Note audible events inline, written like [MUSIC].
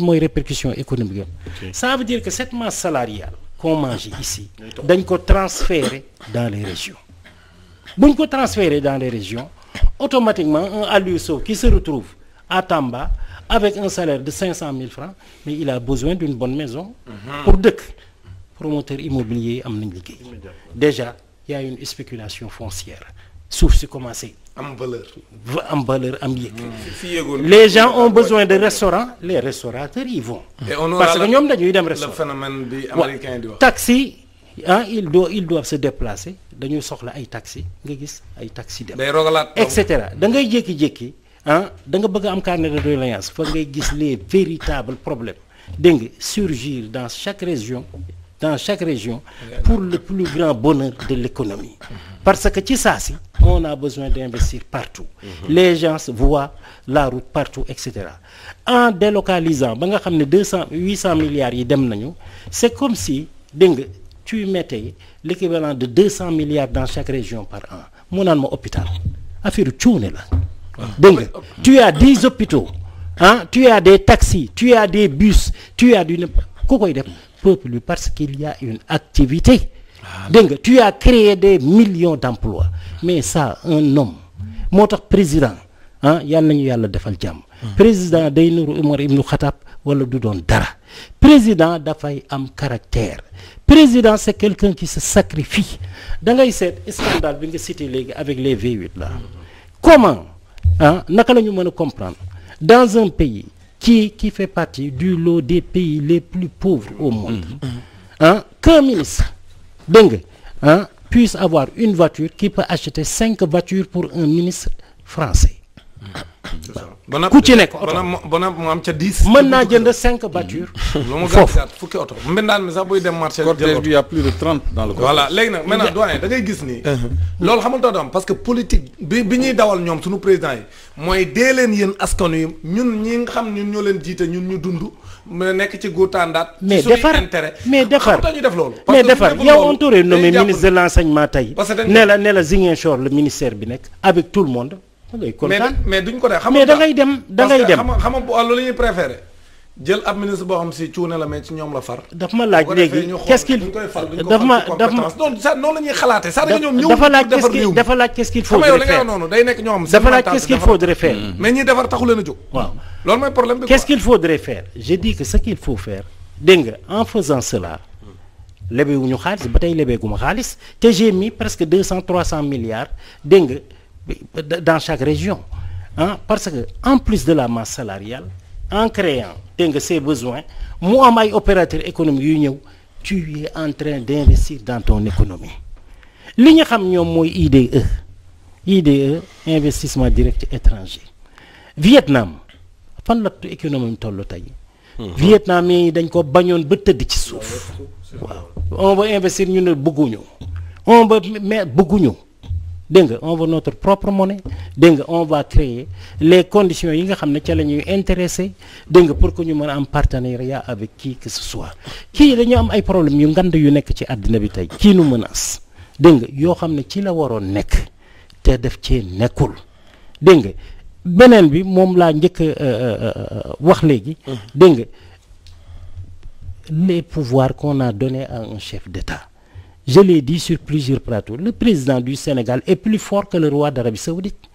mooy répercussion économique yam okay. ça veut dire que cette masse salariale qu'on mange ici dañ ko transférer dans les régions buñ ko transférer dans les régions automatiquement un Aliou Sow qui se retrouve à Tamba avec un salaire de cinq cent mille francs mais il a besoin d'une bonne maison mhm. pour dëkk promoteur immobilier am nañ liggéey déjà il y a une spéculation foncière suuf si commencé. am valeur. am valeur am yëg. Hmm. les gens ont besoin de restaurants les restaurateurs y vont. parce que ñoom dañuy dem restaurant le phénomène bi américain di wax taxi ah il doit il doit se déplacer dañuy soxla ay taxi nga gis ay taxi dem. day rogalaat cetera da ngay jékki-jékki ah da nga bëgg am carnet de doléance fa ngay gis les véritables problèmes dégg nga surgir dans chaque région. dans chaque région pour le plus grand bonheur de l'économie parce que ci saa si on a besoin d'investir partout les gens voient la route partout et cetera en délocalisant ba nga xam ne deux cent huit cent milliards yi dem nañu c'est comme si dégg nga tu mettais l'équivalent de deux cent milliards dans chaque région par an mu naan ma hôpital affaire cuune la dégg nga tu as dix hôpitaux ah, tu as des taxis tu as des bus tu as du ku koy def peuple bi parce qu'il y a une activité dégg nga tu as créé des millions d'emplois mais ça un homme moo tax président ah yal nañu yàlla defal jàmm président day nuru Umar ibnu Xatab wala du doon dara président dafay am caractère président c'est quelqu'un qui se sacrifie da ngay seet scandale bi nga cité léegi avec les V8 là comment ah naka la ñu mën a comprendre dans un pays qui, qui fait partie du lot des pays les plus pauvres au monde. Mhm. Mhm. Hein? Qu'un ministre, donc, hein, puisse avoir une voiture qui peut acheter cinq voitures pour un ministre français. ku ci nekk oto bana mu mën naa jënd cinq voitures. [LAUGHS] foofu fukki oto mbindaan mi sax buy dem marché. cortège bi y' a plus de nag maintenant doyen gis ni. [LAUGHS] Uh-huh. loolu xamul doo doon parce que politique bi bi ñuy dawal ñoom suñu président yi mooy dee leen yéen askan wi ñun ñi nga xam ñun ñoo leen jiite ñun ñu dund. mu nekk ci guutaandaat. mais defar mais defar ñu mais defar yow on t'aurait ministre de l'enseignement tey. ne la ne la Ziguinchor ministère bi nekk avec tout le monde. ngay kontaan mais duñ ko def xam mais da ngay dem da ngay dem parce que xam nga loolu la ñuy préféré jël ab ministre boo xam si cuune la mais ci ñoom la far. daf ma laaj léegi qu'est-ce qu'il dafa ma dafa ma noonu sa noonu la ñuy xalaatee. sa nga ñoom ñëw dafa laaj qu'est-ce qu'il dafa laaj qu'est-ce qu'il faudrait faire noonu day nekk ñoom. dafa laaj qu'est-ce qu'il faudrait faire. Hmm. mais ñiy defar taxu leen a jóg. waaw loolu mooy problème bi. qu'est-ce qu'il faudrait faire je dis que ce qu'il faut faire dégg nga en faisant cela lebewuñu xaalis ba tey lebeeguma xaalis te j'ai mis presque deux cent trois cent milliards dégg nga dans chaque région parce que en plus de la masse salariale en créant dégg nga see besoins mu am ay opérateur économiques yu ñëw tu es en train d'investir dans économie li ñu xam ñoom mooy IDE IDE investissement direct étranger Vietnam fan la économie toll tey. Mhm. Vietnam yi dañ ko bañoon ba tëdd ci suuf. waaw on va investir ñu ne bëgguñu on va mais bëgguñu. dégg nga on veut notre propre monnaie dégg nga on va créer les conditions yi nga xam ne ca la ñuy intéressé dégg nga pour que ñu mën a am partenariat avec qui que ce soit kii dañu am ay problèmes yu ngande yu nekk ci àddina bi tey kii nu menace dégg nga yoo xam ne ci la waroon nekk te def cee nekkul dégg nga beneen bi moom laa njëkk euh, euh, euh, wax léegi dégg nga les pouvoirs qu'on a donné à un chef d'État Je l'ai dit sur plusieurs plateaux, le président du Sénégal est plus fort que le roi d'Arabie Saoudite.